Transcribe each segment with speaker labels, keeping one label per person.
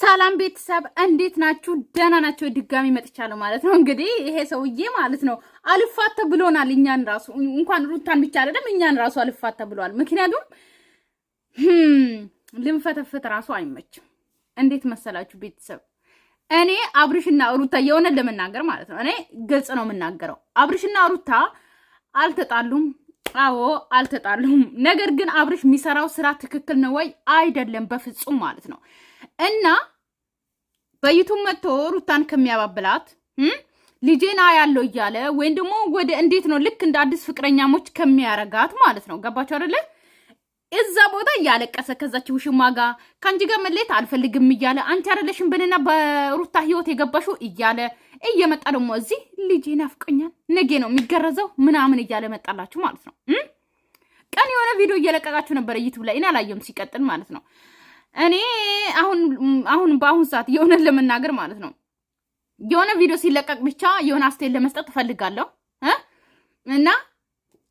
Speaker 1: ሰላም ቤተሰብ እንዴት ናችሁ? ደህና ናቸው። ድጋሚ መጥቻለሁ ማለት ነው። እንግዲህ ይሄ ሰውዬ ማለት ነው አልፋተ ብሎናል። እኛን ራሱ እንኳን ሩታን ብቻ አይደለም እኛን ራሱ አልፋተ ብሏል። ምክንያቱም hm ልንፈተፍት ራሱ አይመችም። እንዴት መሰላችሁ ቤተሰብ እኔ አብርሽና ሩታ የሆነ ለመናገር ማለት ነው እኔ ግልጽ ነው የምናገረው። አብርሽና ሩታ አልተጣሉም። አዎ አልተጣሉም። ነገር ግን አብርሽ የሚሰራው ስራ ትክክል ነው ወይ አይደለም? በፍጹም ማለት ነው እና በዩቱብ መጥቶ ሩታን ከሚያባብላት ልጄና ያለው እያለ ወይም ደግሞ ወደ እንዴት ነው ልክ እንደ አዲስ ፍቅረኛሞች ከሚያረጋት ማለት ነው። ገባችሁ አይደለ? እዛ ቦታ እያለቀሰ ከዛች ውሽማ ጋ ከአንቺ ጋር መለየት አልፈልግም እያለ አንቺ አይደለሽም ብንና በሩታ ህይወት የገባሹ እያለ እየመጣ ደግሞ እዚህ ልጄ ናፍቆኛል፣ ነጌ ነው የሚገረዘው ምናምን እያለ መጣላችሁ ማለት ነው። ቀን የሆነ ቪዲዮ እየለቀቃችሁ ነበረ ዩቱብ ላይ እኔ አላየሁም፣ ሲቀጥል ማለት ነው። እኔ አሁን አሁን በአሁን ሰዓት የሆነ ለመናገር ማለት ነው የሆነ ቪዲዮ ሲለቀቅ ብቻ የሆነ አስተያየት ለመስጠት እፈልጋለሁ እና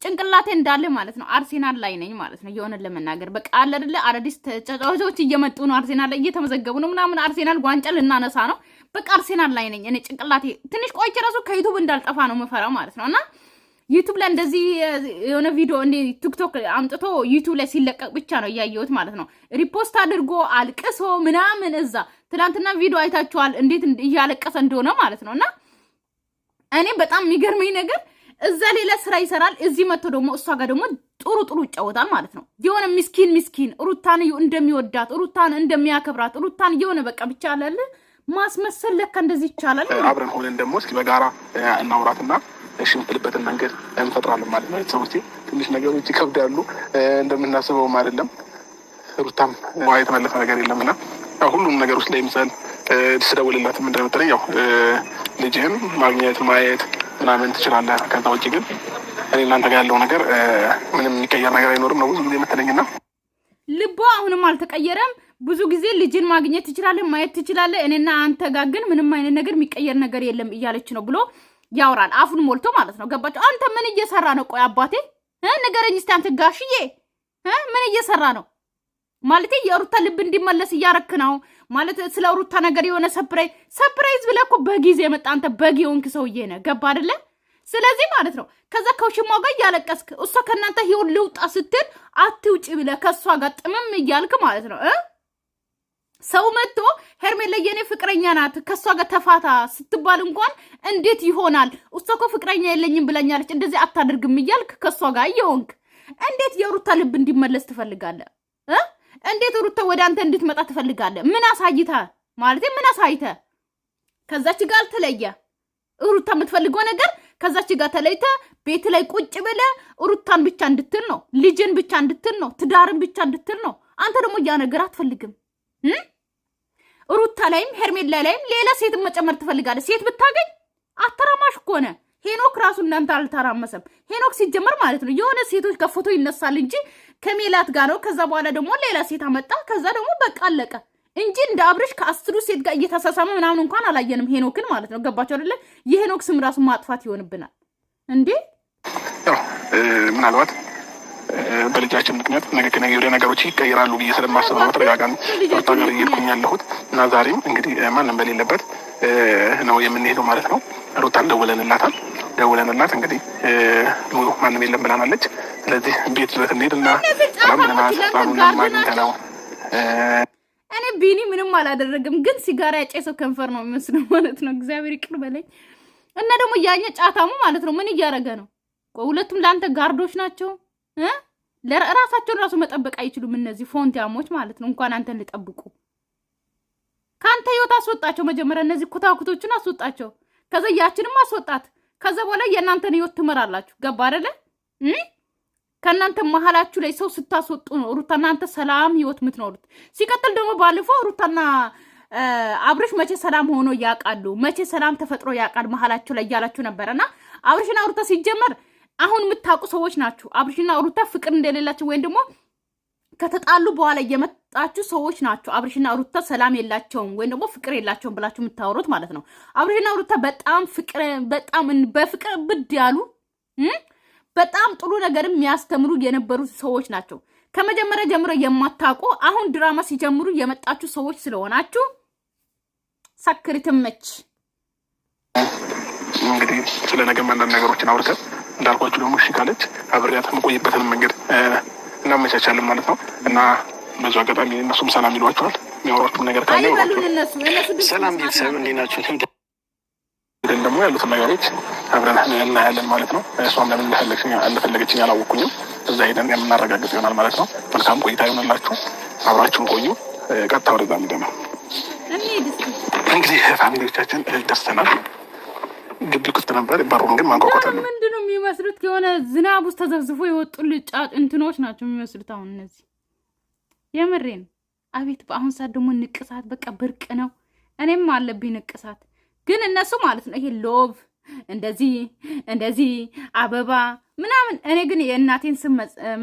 Speaker 1: ጭንቅላቴ እንዳለ ማለት ነው አርሴናል ላይ ነኝ ማለት ነው። የሆነ ለመናገር በቃ አለ አይደለ አዳዲስ ተጫዋቾች እየመጡ ነው፣ አርሴናል ላይ እየተመዘገቡ ነው ምናምን፣ አርሴናል ጓንጫ ልናነሳ ነው። በቃ አርሴናል ላይ ነኝ እኔ ጭንቅላቴ። ትንሽ ቆይቼ ራሱ ከዩቱብ እንዳልጠፋ ነው መፈራ ማለት ነው እና ዩቱብ ላይ እንደዚህ የሆነ ቪዲዮ እንደ ቲክቶክ አምጥቶ ዩቱብ ላይ ሲለቀቅ ብቻ ነው እያየሁት ማለት ነው። ሪፖስት አድርጎ አልቅሶ ምናምን እዛ ትናንትና ቪዲዮ አይታችኋል፣ እንዴት እያለቀሰ እንደሆነ ማለት ነው። እና እኔ በጣም የሚገርመኝ ነገር እዛ ሌላ ስራ ይሰራል፣ እዚህ መጥቶ ደግሞ እሷ ጋር ደግሞ ጥሩ ጥሩ ይጫወታል ማለት ነው። የሆነ ምስኪን ምስኪን ሩታን እንደሚወዳት ሩታን እንደሚያከብራት ሩታን የሆነ በቃ ብቻ አላለ ማስመሰል ለካ እንደዚህ ይቻላል።
Speaker 2: አብረን ሆነን ደግሞ እስኪ በጋራ እናውራትና እሺ የምትልበትን መንገድ እንፈጥራለን ማለት ነው። ቤተሰቦቼ ትንሽ ነገሮች ይከብዳሉ፣ እንደምናስበውም አይደለም። ሩታም የተመለሰ ነገር የለም እና ሁሉም ነገር ውስጥ ላይ ምሳል ስደውልላትም እንደምትለኝ ያው ልጅህን ማግኘት ማየት ምናምን ትችላለህ። ከዛ ውጭ ግን እኔ እናንተ ጋር ያለው ነገር ምንም የሚቀየር ነገር አይኖርም ነው ብዙ ጊዜ የምትለኝና
Speaker 1: ልቦ አሁንም አልተቀየረም። ብዙ ጊዜ ልጅን ማግኘት ትችላለህ፣ ማየት ትችላለህ። እኔና አንተ ጋር ግን ምንም አይነት ነገር የሚቀየር ነገር የለም እያለች ነው ብሎ ያወራል። አፉን ሞልቶ ማለት ነው። ገባቸው። አንተ ምን እየሰራ ነው? ቆይ አባቴ ንገረኝ እስቲ አንተ ጋሽዬ ምን እየሰራ ነው? ማለት የሩታ ልብ እንዲመለስ እያረክ ነው ማለት። ስለ ሩታ ነገር የሆነ ሰፕራይ ሰፕራይዝ ብለህ እኮ በጊዜ መጣ። አንተ በግ የሆንክ ሰውዬ ነህ። ገባ አይደለ? ስለዚህ ማለት ነው ከዛ ከውሽማው ጋር እያለቀስክ እሷ ከእናንተ ህይወት ልውጣ ስትል አትውጪ ብለህ ከእሷ ጋር ጥምም እያልክ ማለት ነው እ ሰው መጥቶ ሄርሜላ የኔ ፍቅረኛ ናት ከእሷ ጋር ተፋታ ስትባል እንኳን እንዴት ይሆናል? እሷ እኮ ፍቅረኛ የለኝም ብለኛለች፣ እንደዚህ አታደርግም እያልክ ከእሷ ጋር እየሆንክ እንዴት የሩታ ልብ እንዲመለስ ትፈልጋለህ? እንዴት ሩታ ወደ አንተ እንድትመጣ ትፈልጋለህ? ምን አሳይተ ማለት ምን አሳይተ ከዛች ጋር ተለየ ሩታ የምትፈልገው ነገር ከዛች ጋር ተለይተ ቤት ላይ ቁጭ ብለ ሩታን ብቻ እንድትል ነው፣ ልጅን ብቻ እንድትል ነው፣ ትዳርን ብቻ እንድትል ነው። አንተ ደግሞ ያ ነገር አትፈልግም። ሩታ ላይም ሄርሜላ ላይም ሌላ ሴትን መጨመር ትፈልጋለች። ሴት ብታገኝ አተራማሽ ከሆነ ሄኖክ ራሱ እናንተ አልተራመሰም። ሄኖክ ሲጀመር ማለት ነው የሆነ ሴቶች ከፎቶ ይነሳል እንጂ ከሜላት ጋር ነው። ከዛ በኋላ ደግሞ ሌላ ሴት አመጣ። ከዛ ደግሞ በቃ አለቀ እንጂ እንደ አብርሽ ከአስሩ ሴት ጋር እየተሳሳመ ምናምን እንኳን አላየንም ሄኖክን ማለት ነው። ገባቸው አይደለ? የሄኖክ ስም ራሱ ማጥፋት ይሆንብናል እንዴ
Speaker 2: ምናልባት በልጃችን ምክንያት ነገ ከነገ ወዲያ ነገሮች ይቀይራሉ ብዬ ስለማስብ ነው በተደጋጋሚ ሶስት ሀገር እየሄድኩኝ ያለሁት እና ዛሬም እንግዲህ ማንም በሌለበት ነው የምንሄደው ማለት ነው። ሩታን ደውለንላታል። ደውለንላት እንግዲህ ማንም የለም ብላናለች። ስለዚህ ቤት ድረስ እንሄድ ሰላም ብለናል። ነው
Speaker 1: እኔ ቢኒ ምንም አላደረግም፣ ግን ሲጋራ ያጨሰው ከንፈር ነው የሚመስለው ማለት ነው። እግዚአብሔር ይቅር በለኝ እና ደግሞ እያኘ ጫታሙ ማለት ነው ምን እያደረገ ነው? ሁለቱም ለአንተ ጋርዶች ናቸው። ራሳቸውን ራሱ መጠበቅ አይችሉም። እነዚህ ፎንቲያሞች ማለት ነው። እንኳን አንተን ልጠብቁ ከአንተ ህይወት አስወጣቸው። መጀመሪያ እነዚህ ኩታኩቶችን አስወጣቸው። ከዛ ያችንም አስወጣት። ከዛ በኋላ የእናንተን ህይወት ትመራላችሁ። ገባ አደለ? ከእናንተ መሀላችሁ ላይ ሰው ስታስወጡ ነው ሩታ እናንተ ሰላም ህይወት የምትኖሩት። ሲቀጥል ደግሞ ባለፈው ሩታና አብርሽ መቼ ሰላም ሆኖ ያውቃሉ? መቼ ሰላም ተፈጥሮ ያውቃል? መሀላችሁ ላይ እያላችሁ ነበረና አብርሽና ሩታ ሲጀመር አሁን የምታውቁ ሰዎች ናችሁ። አብርሽና ሩታ ፍቅር እንደሌላቸው ወይም ደግሞ ከተጣሉ በኋላ እየመጣችሁ ሰዎች ናችሁ። አብርሽና ሩታ ሰላም የላቸውም ወይም ደግሞ ፍቅር የላቸውም ብላችሁ የምታወሩት ማለት ነው። አብርሽና ሩታ በጣም ፍቅር በጣም በፍቅር ብድ ያሉ በጣም ጥሩ ነገርም የሚያስተምሩ የነበሩ ሰዎች ናቸው። ከመጀመሪያ ጀምሮ የማታውቁ አሁን ድራማ ሲጀምሩ የመጣችሁ ሰዎች ስለሆናችሁ ሰክሪትመች
Speaker 2: እንግዲህ ስለ ነገም አንዳንድ ነገሮችን አውርተን እንዳልኳችሁ ደግሞ እሺ ካለች አብሬያት የምቆይበትን መንገድ እናመቻቻለን ማለት ነው እና በዙ አጋጣሚ እነሱም ሰላም ይሏቸዋል። የሚያወሯችሁም ነገር ካለ ሰላም ቤተሰብ እንዴት ናቸው? ደግሞ ያሉትን ነገሮች አብረን እናያለን ማለት ነው። እሷም ለምን እንደፈለገችኝ አላወቅኩኝም። እዛ ሄደን የምናረጋግጥ ይሆናል ማለት ነው። መልካም ቆይታ ይሆንላችሁ። አብራችሁን ቆዩ። ቀጥታ ወደዛ ሚደ ነው እንግዲህ ፋሚሊዎቻችን ደስተናል። ግቢ ክፍት ነበር። በሩን ግን ማንኳኳት
Speaker 1: አለ። ምንድን ነው የሚመስሉት? ከሆነ ዝናብ ውስጥ ተዘብዝፎ የወጡ እንትኖች ናቸው የሚመስሉት። አሁን እነዚህ የምሬን አቤት! በአሁን ሰዓት ደግሞ ንቅሳት በቃ ብርቅ ነው። እኔም አለብኝ ንቅሳት፣ ግን እነሱ ማለት ነው ይሄ ሎቭ እንደዚህ እንደዚህ አበባ ምናምን። እኔ ግን የእናቴን ስም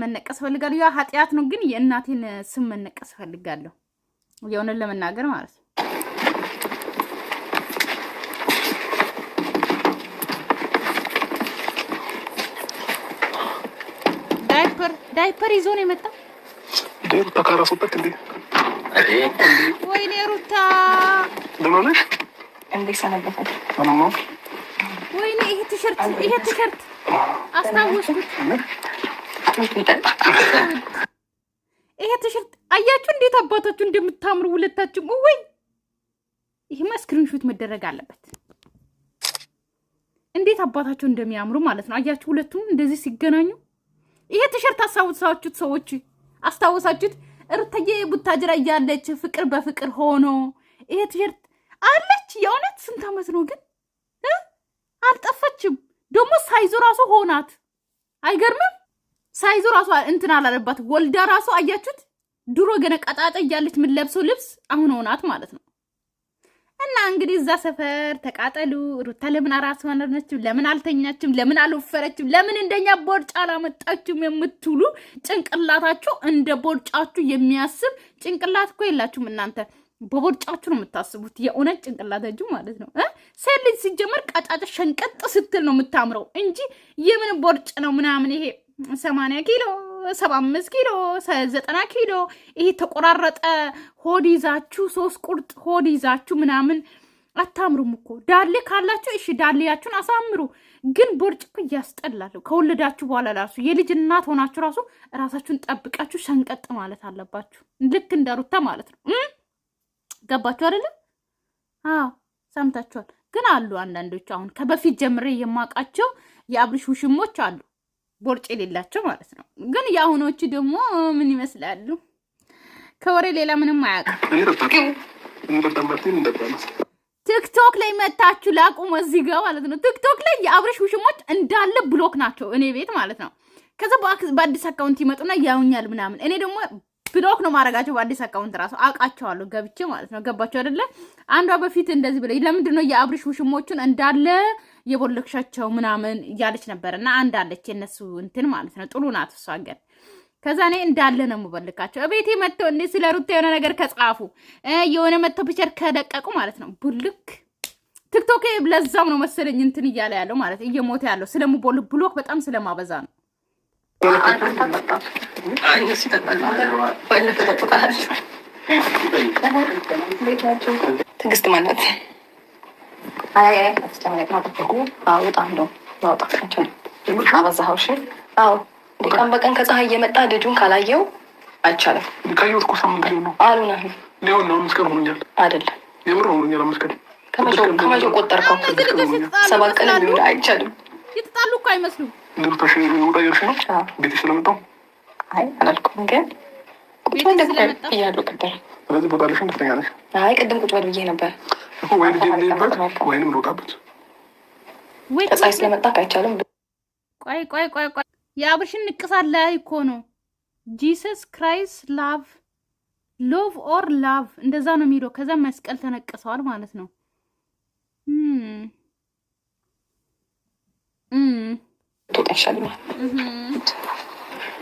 Speaker 1: መነቀስ እፈልጋለሁ። ያ ኃጢአት ነው፣ ግን የእናቴን ስም መነቀስ እፈልጋለሁ የሆነን ለመናገር ማለት ነው። ዳይፐር ይዞ ነው የመጣ።
Speaker 2: ተካረፉበት እንዴ!
Speaker 1: ወይኔ ሩታ ደህና ነሽ? እንዴት ሰነበታል? ወይኔ ይሄ ቲሸርት ይሄ ቲሸርት አስታወስኩት። ይሄ ቲሸርት አያችሁ እንዴት አባታችሁ እንደምታምሩ ሁለታችሁ። ወይ ይሄማ ስክሪንሾት መደረግ አለበት። እንዴት አባታችሁ እንደሚያምሩ ማለት ነው። አያችሁ ሁለቱም እንደዚህ ሲገናኙ ይሄ ቲሸርት አስታውሳችሁት ሰዎች አስታውሳችሁት እርተዬ ቡታጅራ እያለች ፍቅር በፍቅር ሆኖ ይሄ ቲሸርት አለች። የእውነት ስንት ዓመት ነው ግን አልጠፈችም። ደግሞ ሳይዙ ራሱ ሆናት አይገርምም? ሳይዙ ራሱ እንትን አላለባት ወልዳ ራሱ አያችሁት? ድሮ ገነ ቀጣጣ እያለች የምንለብሰው ልብስ አሁን ሆናት ማለት ነው። እና እንግዲህ እዛ ሰፈር ተቃጠሉ። ሩታ ለምን አራስ ሆነችም? ለምን አልተኛችም? ለምን አልወፈረችም? ለምን እንደኛ ቦርጫ ላመጣችሁ የምትሉ ጭንቅላታችሁ እንደ ቦርጫችሁ የሚያስብ ጭንቅላት እኮ የላችሁም እናንተ። በቦርጫችሁ ነው የምታስቡት። የእውነት ጭንቅላታችሁ ማለት ነው። ሴት ልጅ ሲጀመር ቀጫጭ ሸንቀጥ ስትል ነው የምታምረው እንጂ የምን ቦርጭ ነው ምናምን ይሄ ሰማንያ ኪሎ ሰባ አምስት ኪሎ ዘጠና ኪሎ ይሄ ተቆራረጠ ሆድ ይዛችሁ ሶስት ቁርጥ ሆድ ይዛችሁ ምናምን አታምሩም እኮ ዳሌ ካላችሁ እሺ ዳሌያችሁን አሳምሩ። ግን ቦርጭ እኮ ከወለዳችሁ በኋላ ራሱ የልጅ እናት ሆናችሁ ራሱ ራሳችሁን ጠብቃችሁ ሸንቀጥ ማለት አለባችሁ። ልክ እንደ ሩታ ማለት ነው። ገባችሁ አይደለም? አዎ ሰምታችኋል። ግን አሉ አንዳንዶች አሁን ከበፊት ጀምሬ የማውቃቸው የአብርሽ ውሽሞች አሉ ቦርጭ የሌላቸው ማለት ነው። ግን የአሁኖቹ ደግሞ ምን ይመስላሉ? ከወሬ ሌላ ምንም አያውቅም። ቲክቶክ ላይ መታችሁ ላቁሞ እዚህ ማለት ነው። ቲክቶክ ላይ የአብረሽ ውሽሞች እንዳለ ብሎክ ናቸው እኔ ቤት ማለት ነው። ከዛ በአዲስ አካውንት ይመጡና ያውኛል ምናምን እኔ ደግሞ ብሎክ ነው ማድረጋቸው በአዲስ አካውንት ራሱ አውቃቸዋለሁ ገብቼ ማለት ነው። ገባቸው አይደለ? አንዷ በፊት እንደዚህ ብለ ለምንድን ነው የአብሪሽ ውሽሞቹን እንዳለ የቦለክሻቸው ምናምን እያለች ነበር። እና አንድ አለች የነሱ እንትን ማለት ነው። ጥሉ ናት እሷ ገር ከዛ እኔ እንዳለ ነው የምበልካቸው። እቤቴ መጥተው እንዴ ስለ ሩታ የሆነ ነገር ከጻፉ የሆነ መጥተው ፒቸር ከለቀቁ ማለት ነው ቡልክ ቲክቶክ ለዛም ነው መሰለኝ እንትን እያለ ያለው ማለት እየሞተ ያለው ስለምቦል ብሎክ በጣም ስለማበዛ ነው።
Speaker 3: ትዕግስት ማለት ቀን በቀን ከፀሐይ እየመጣ ልጁን ካላየው አይቻልም።
Speaker 2: ካየሁት እኮ ሳምንት ነው አሉና ሊሆን ነው። አምስት ቀን ሆኖኛል። አይደለም የምር ሆኖኛል። አምስት ቀን
Speaker 3: ከመቼው ቆጠርከው? ሰባት ቀን ሊሆን አይቻልም።
Speaker 1: የተጣሉ እኮ አይመስሉም።
Speaker 2: እንደምታሽ ወጣ እያልሽ ነው ቤት ስለመጣሁ
Speaker 3: አይ አላልኩም፣ ግን ቁጭ በል ብያለሁ ቅድም።
Speaker 2: ስለዚህ ቦታ አለሽ ደስተኛ ነሽ?
Speaker 3: አይ ቅድም ቁጭ በል ብዬ ነበር
Speaker 2: እኮ ወይ ወይንም ልወጣበት።
Speaker 3: ፀሐይ ስለመጣ አይቻልም።
Speaker 1: ቆይ ቆይ ቆይ ቆይ የአብርሽን ንቅሳት ላይ እኮ ነው። ጂሰስ ክራይስት ላቭ ሎቭ ኦር ላቭ እንደዛ ነው የሚለው። ከዛ መስቀል ተነቅሰዋል ማለት ነው። ትወጣሻል ማለት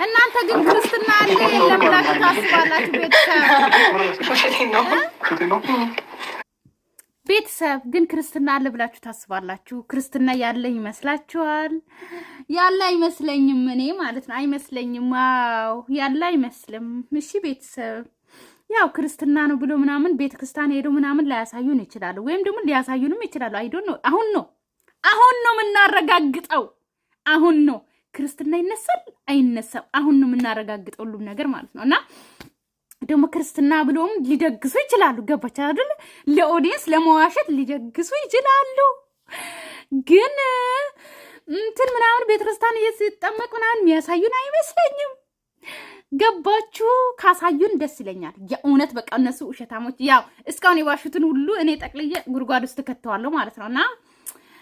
Speaker 1: እናንተ ግን ክርስትና አለ የለም ብላችሁ ታስባላችሁ? ቤተሰብ ቤተሰብ ግን ክርስትና አለ ብላችሁ ታስባላችሁ? ክርስትና ያለ ይመስላችኋል? ያለ አይመስለኝም። እኔ ማለት ነው አይመስለኝም። ዋው ያለ አይመስልም። እሺ ቤተሰብ ያው ክርስትና ነው ብሎ ምናምን ቤተ ክርስቲያን ሄዶ ምናምን ላያሳዩን ይችላሉ፣ ወይም ደግሞ ሊያሳዩንም ይችላሉ። አይዶን ነው። አሁን ነው አሁን ነው የምናረጋግጠው። አሁን ነው ክርስትና ይነሳል አይነሳም፣ አሁን ነው የምናረጋግጠው ሁሉም ነገር ማለት ነው። እና ደግሞ ክርስትና ብሎም ሊደግሱ ይችላሉ። ገባች አይደል? ለኦዲየንስ ለመዋሸት ሊደግሱ ይችላሉ። ግን እንትን ምናምን ቤተክርስቲያን እየተጠመቅ ምናምን የሚያሳዩን አይመስለኝም። ገባችሁ? ካሳዩን ደስ ይለኛል። የእውነት በቃ እነሱ ውሸታሞች ያው እስካሁን የዋሹትን ሁሉ እኔ ጠቅልዬ ጉድጓድ ውስጥ ከተዋለሁ ማለት ነው እና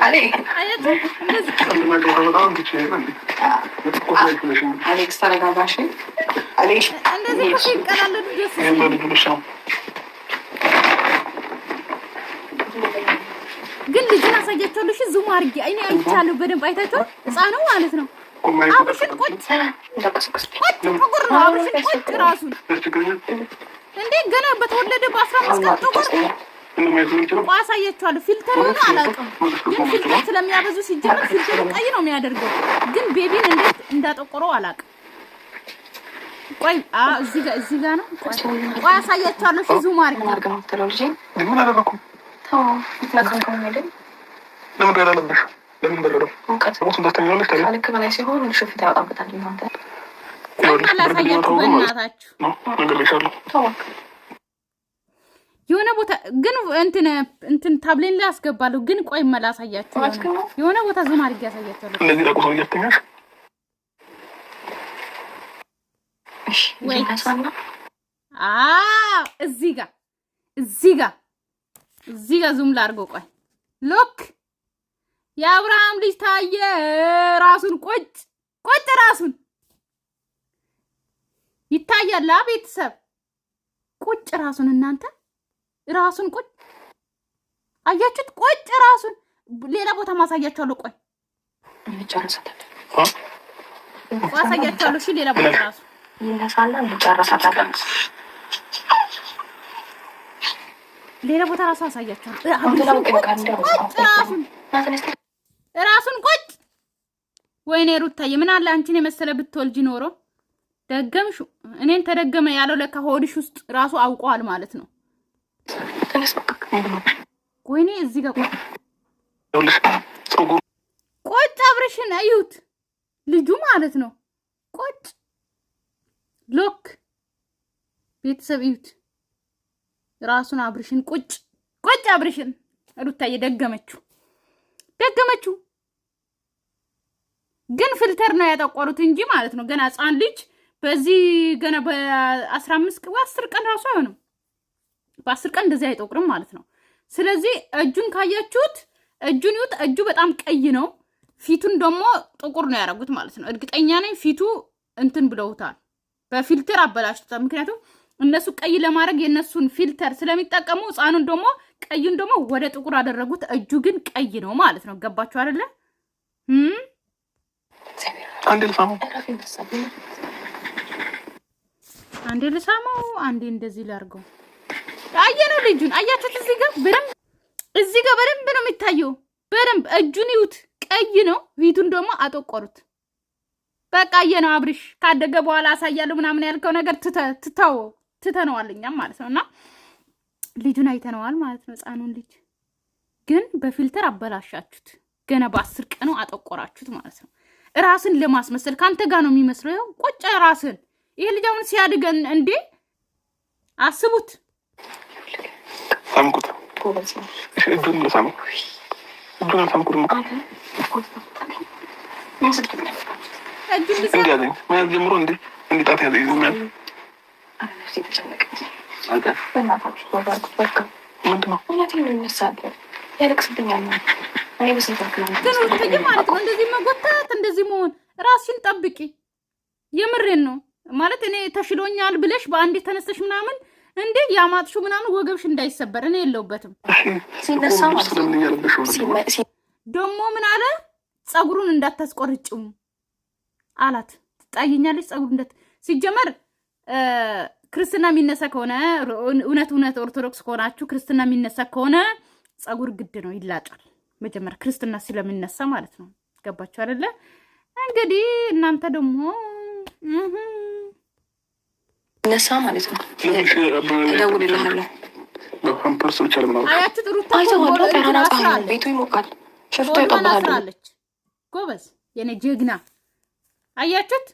Speaker 3: ግን
Speaker 1: ልጅን አሳያቸዋለሁ። እሺ ዙም አድርጌ እኔ አይቻለሁ በደንብ አይታችኋል። ህፃኑ ማለት ነው። አብርሽን ቆጭ ቆጭ ጥቁር ነው። አብርሽን ቆጭ ራሱን እንዴ ገና በተወለደ በአስራ አምስት ቀን ጥቁር አሳያችኋለሁ። ፊልተሩን አላውቅም፣ ግን ፊልተር ስለሚያበዙ ሲጀምር ፊልተሩ ቀይ ነው የሚያደርገው። ግን ቤቢን እንዴት እንዳጠቆረው አላውቅም። ቆይ እዚህ ጋር እዚህ ጋር ነው። ቆይ አሳያችኋለሁ። እሺ ዙም
Speaker 3: አድርጊ።
Speaker 2: ለምን
Speaker 1: የሆነ ቦታ ግን እንትን እንትን ታብሌን ላይ አስገባለሁ። ግን ቆይ መላሳያችሁ የሆነ ቦታ ዙም አድርጌ ያሳያችኋለሁ።
Speaker 2: እንደዚህ ደቁ ሰው እያስተኛሽ
Speaker 1: እዚህ ጋ እዚህ እዚህ ዙም ላድርገው። ቆይ ሎክ የአብርሃም ልጅ ታየ ራሱን ቆጭ ቆጭ ራሱን ይታያል። ቤተሰብ ቁጭ ራሱን እናንተ ራሱን ቁጭ አያችሁት? ቁጭ ራሱን ሌላ ቦታ ማሳያችኋለሁ። ቆይ
Speaker 3: አሳያችኋለሁ።
Speaker 1: እሺ፣ ሌላ ቦታ ራሱ
Speaker 3: ሌላ ቦታ
Speaker 1: ራሱ አሳያችኋለሁ። ራሱን ቁጭ ወይኔ ሩታዬ፣ ምን አለ አንቺን የመሰለ ብትወልጅ ኖሮ ደገምሽ። እኔን ተደገመ ያለው ለካ ሆድሽ ውስጥ ራሱ አውቀዋል ማለት ነው። ወይኔ እዚህ ጋር ቆጭ አብረሽን እዩት። ልጁ ማለት ነው ቆጭ ሎክ ቤተሰብ እዩት። ራሱን አብርሽን ቁጭ ቁጭ አብርሽን ሩታዬ ደገመችው ደገመችው። ግን ፊልተር ነው ያጠቆሩት እንጂ ማለት ነው ገና ሕፃን ልጅ በዚህ ገና በአስራ አምስት ቀን አስር ቀን ራሱ አይሆንም። በአስር ቀን እንደዚህ አይጠቁርም ማለት ነው። ስለዚህ እጁን ካያችሁት እጁን ይዩት። እጁ በጣም ቀይ ነው። ፊቱን ደግሞ ጥቁር ነው ያደረጉት ማለት ነው። እርግጠኛ ነኝ ፊቱ እንትን ብለውታል፣ በፊልተር አበላሽቷል። ምክንያቱም እነሱ ቀይ ለማድረግ የእነሱን ፊልተር ስለሚጠቀሙ ህፃኑን ደግሞ ቀዩን ደግሞ ወደ ጥቁር አደረጉት። እጁ ግን ቀይ ነው ማለት ነው። ገባችሁ አይደለ? አንዴ ልሳመው፣ አንዴ እንደዚህ ላርገው። አየነው ልጁን አያችሁት? እዚህ ጋር በደንብ እዚህ ጋር በደንብ ነው የሚታየው። በደንብ እጁን ይዩት፣ ቀይ ነው። ፊቱን ደግሞ አጠቆሩት። በቃ አየነው። አብርሽ ካደገ በኋላ አሳያለሁ ምናምን ያልከው ነገር ትተወው፣ ትተነዋል እኛም ማለት ነው። እና ልጁን አይተነዋል ማለት ነው። ህፃኑን ልጅ ግን በፊልተር አበላሻችሁት። ገና በአስር ቀኑ አጠቆራችሁት ማለት ነው። ራስን ለማስመሰል ከአንተ ጋር ነው የሚመስለው። ቆጨ ራስን ይሄ ልጅ አሁን ሲያድገን እንዴ አስቡት።
Speaker 2: ሳምኩት፣ እጁን ሳምኩ፣ እጁን አልሳምኩትም። እንዲህ ጣት ያዘኝ ይዞኛል። ማለት ነው?
Speaker 1: እንደዚህ መጎታት፣ እንደዚህ መሆን፣ ራስሽን ጠብቂ። የምሬን ነው ማለት እኔ ተሽሎኛል ብለሽ በአንዴ ተነስተሽ ምናምን እንዴ ያማጥሹ ምናምን ወገብሽ እንዳይሰበር እኔ የለውበትም። ደግሞ ምን አለ ፀጉሩን እንዳታስቆርጭሙ አላት። ትጣየኛለች ጸጉሩ እንዳት ሲጀመር ክርስትና የሚነሳ ከሆነ እውነት እውነት ኦርቶዶክስ ከሆናችሁ ክርስትና የሚነሳ ከሆነ ፀጉር ግድ ነው ይላጫል። መጀመሪያ ክርስትና ስለሚነሳ ማለት ነው። ገባችሁ አይደለ? እንግዲህ እናንተ ደግሞ
Speaker 3: ነሳ ማለት ነው። እደውልልሃለሁ። ቤቱ ይሞቃል። ሸፍቶ ይቀባሃለች።
Speaker 1: ጎበዝ የኔ ጀግና። አያችሁት?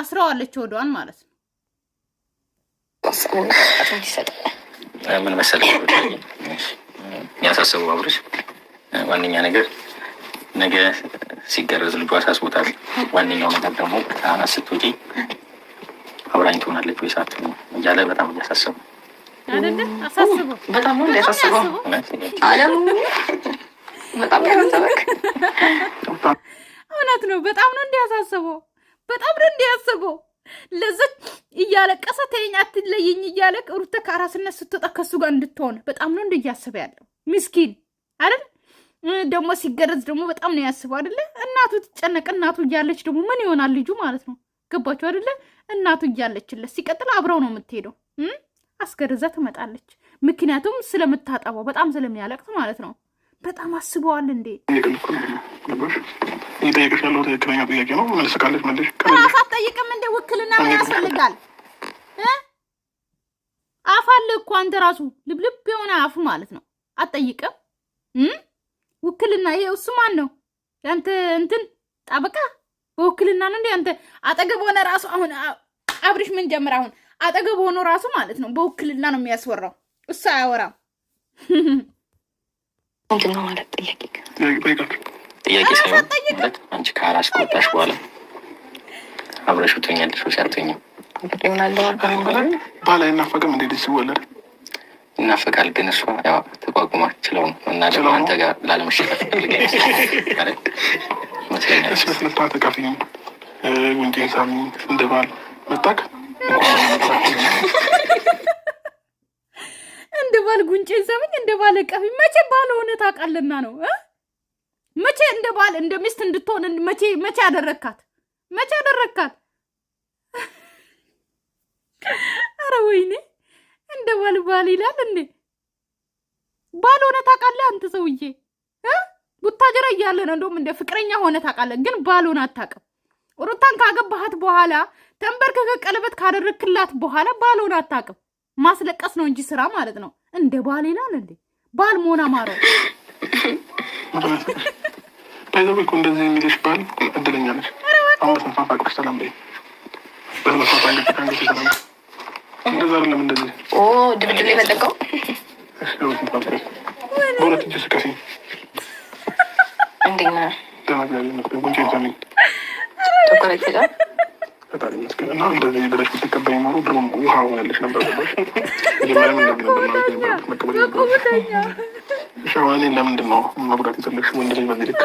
Speaker 1: አስረዋለች ወደዋን ማለት ነው።
Speaker 4: ምን መሰለሽ ያሳሰቡ አብሮች ዋነኛ ነገር ነገ ሲገረዝ ልጇ አሳስቦታል። ዋነኛው ነገር ደግሞ ከአናት ስትወጪ አብራኝ ትሆናለች ወይ ሰዓት እያለ በጣም እያሳሰቡ
Speaker 3: በጣም ነው ሊያሳስበው አለሙ በጣም ያመሰበክ
Speaker 1: እውነት ነው። በጣም ነው እንዲያሳስበው በጣም ነው እንዲያስበው ለዛች እያለቀሰ ተይኝ አትለይኝ እያለቅ ሩተ ከአራስነት ስትወጣ ከሱ ጋር እንድትሆን በጣም ነው እንደያስበ ያለው ምስኪን አይደል? ደግሞ ሲገረዝ ደግሞ በጣም ነው ያስበው አይደለ? እናቱ ትጨነቅ። እናቱ እያለች ደግሞ ምን ይሆናል ልጁ ማለት ነው። ገባችሁ አይደለ? እናቱ እያለችለት ሲቀጥል አብረው ነው የምትሄደው። አስገርዛ ትመጣለች። ምክንያቱም ስለምታጠባው በጣም ስለሚያለቅት ማለት ነው። በጣም አስበዋል እንዴ
Speaker 2: ጠየቀሽ ያለው ትክክለኛ ጥያቄ ነው። መልስ መልሽ።
Speaker 1: አትጠይቅም ውክልና ምን ያስፈልጋል? አፍ አለ እኮ አንተ ራሱ ልብልብ የሆነ አፍ ማለት ነው። አትጠይቅም ውክልና። ይሄ እሱ ማን ነው? ያንተ እንትን ጠበቃ በውክልና ነው እንዴ አንተ አጠገብ ሆነ ራሱ አሁን አብሪሽ ምን ጀምር አሁን አጠገብ ሆኖ ራሱ ማለት ነው በውክልና ነው የሚያስወራው እሱ አያወራም
Speaker 3: ምንድነው ማለት ጥያቄ
Speaker 4: ጥያቄ ሳይሆን አንቺ ከአራስ ቆጣሽ በኋላ አብረሽ ትኛለሽ ሲያልተኛ
Speaker 3: ባላይ
Speaker 2: ምናለ እናፈቅም እንዴ ልጅ ሲወለድ
Speaker 4: ይናፈቃል ግን እሷ ተቋቁማ ችለው ነው እና ደግሞ አንተ ጋር ላለመሸነፍ
Speaker 2: ልጋይመስለኛልስለታተቃፊኝ እንደባል መጣቅ
Speaker 1: እንደ ባል ጉንጬን ሳምኝ እንደ ባል ቀፊ መቼ ባለ ሆነ ታውቃለና ነው መቼ እንደ ባል እንደ ሚስት እንድትሆን መቼ መቼ አደረግካት መቼ አደረግካት? አረ ወይኔ እንደ ባልባል ይላል እንዴ? ባል ሆነ ታውቃለህ አንተ ሰውዬ ቡታጀራ እያለ ነው እንደውም እንደ ፍቅረኛ ሆነ ታውቃለህ፣ ግን ባል ሆነ አታውቅም። ሩታን ካገባሃት በኋላ ተንበርከከ ቀለበት ካደረክላት በኋላ ባል ሆነ አታውቅም። ማስለቀስ ነው እንጂ ስራ ማለት ነው። እንደ ባል ይላል እንዴ? ባል መሆን አማረው።
Speaker 2: ይዘብ እኮ እንደዚህ የሚልሽ ባል እድለኛ ነች። አመት መፋፋቅሽ ሰላም በይ በመፋፋ ሰላም ድብድብ የፈለገው ሻዋሌ ለምንድን ነው መጉዳት የፈለግሽ? ወንድ ልጅ በዚህ ልክ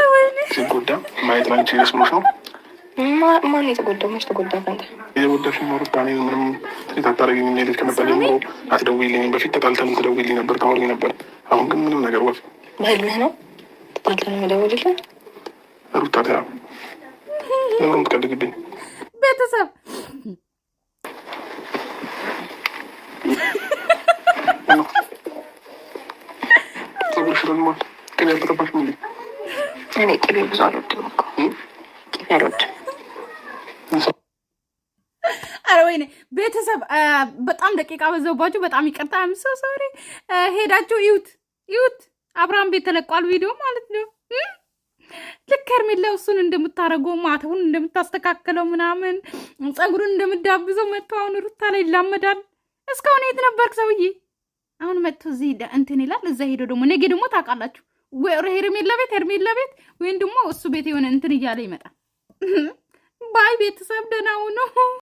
Speaker 2: ሲጎዳ ማየት ላንቺ ደስ ነው?
Speaker 3: ማን የተጎዳው? መች ተጎዳ? ፈንታ
Speaker 2: የተጎዳሽ ሩታኔ ምንም ታታረጊ ሌት ከመጣ ጀምሮ አትደውይልኝ። በፊት ተጣልተን ትደውይልኝ ነበር፣ ታወሪ ነበር። አሁን ግን ምንም ነገር ወፍ
Speaker 3: በህልህ ነው። ተጣልተን የምደውልልኝ
Speaker 2: ሩታ ተ ምንም የምትቀልግብኝ ቤተሰብ ጸጉርሽ ደግሞ ቅቤ አልተቀባሽም።
Speaker 3: እኔ ቅቤ ብዙ አልወድም እኮ ቅቤ አልወድም
Speaker 1: ወይኔ ቤተሰብ በጣም ደቂቃ በዘውባችሁ፣ በጣም ይቅርታ። አምሶ ሶሪ። ሄዳችሁ ይዩት ይዩት። አብርሃም ቤት ተለቋል ቪዲዮ ማለት ነው። ልክ ሄርሜላው እሱን እንደምታደርገው ማተውን እንደምታስተካከለው ምናምን ፀጉሩን እንደምዳብዘው መጥቶ አሁን ሩታ ላይ ይላመዳል። እስካሁን የት ነበርክ ሰውዬ? አሁን መጥቶ እዚህ እንትን ይላል፣ እዛ ሄዶ ደግሞ ነገ ደግሞ ታውቃላችሁ ወይ ሄርሜላ ቤት ሄርሜላ ቤት ወይም ደግሞ እሱ ቤት የሆነ እንትን እያለ ይመጣል። ባይ ቤተሰብ ደህና ሁኑ።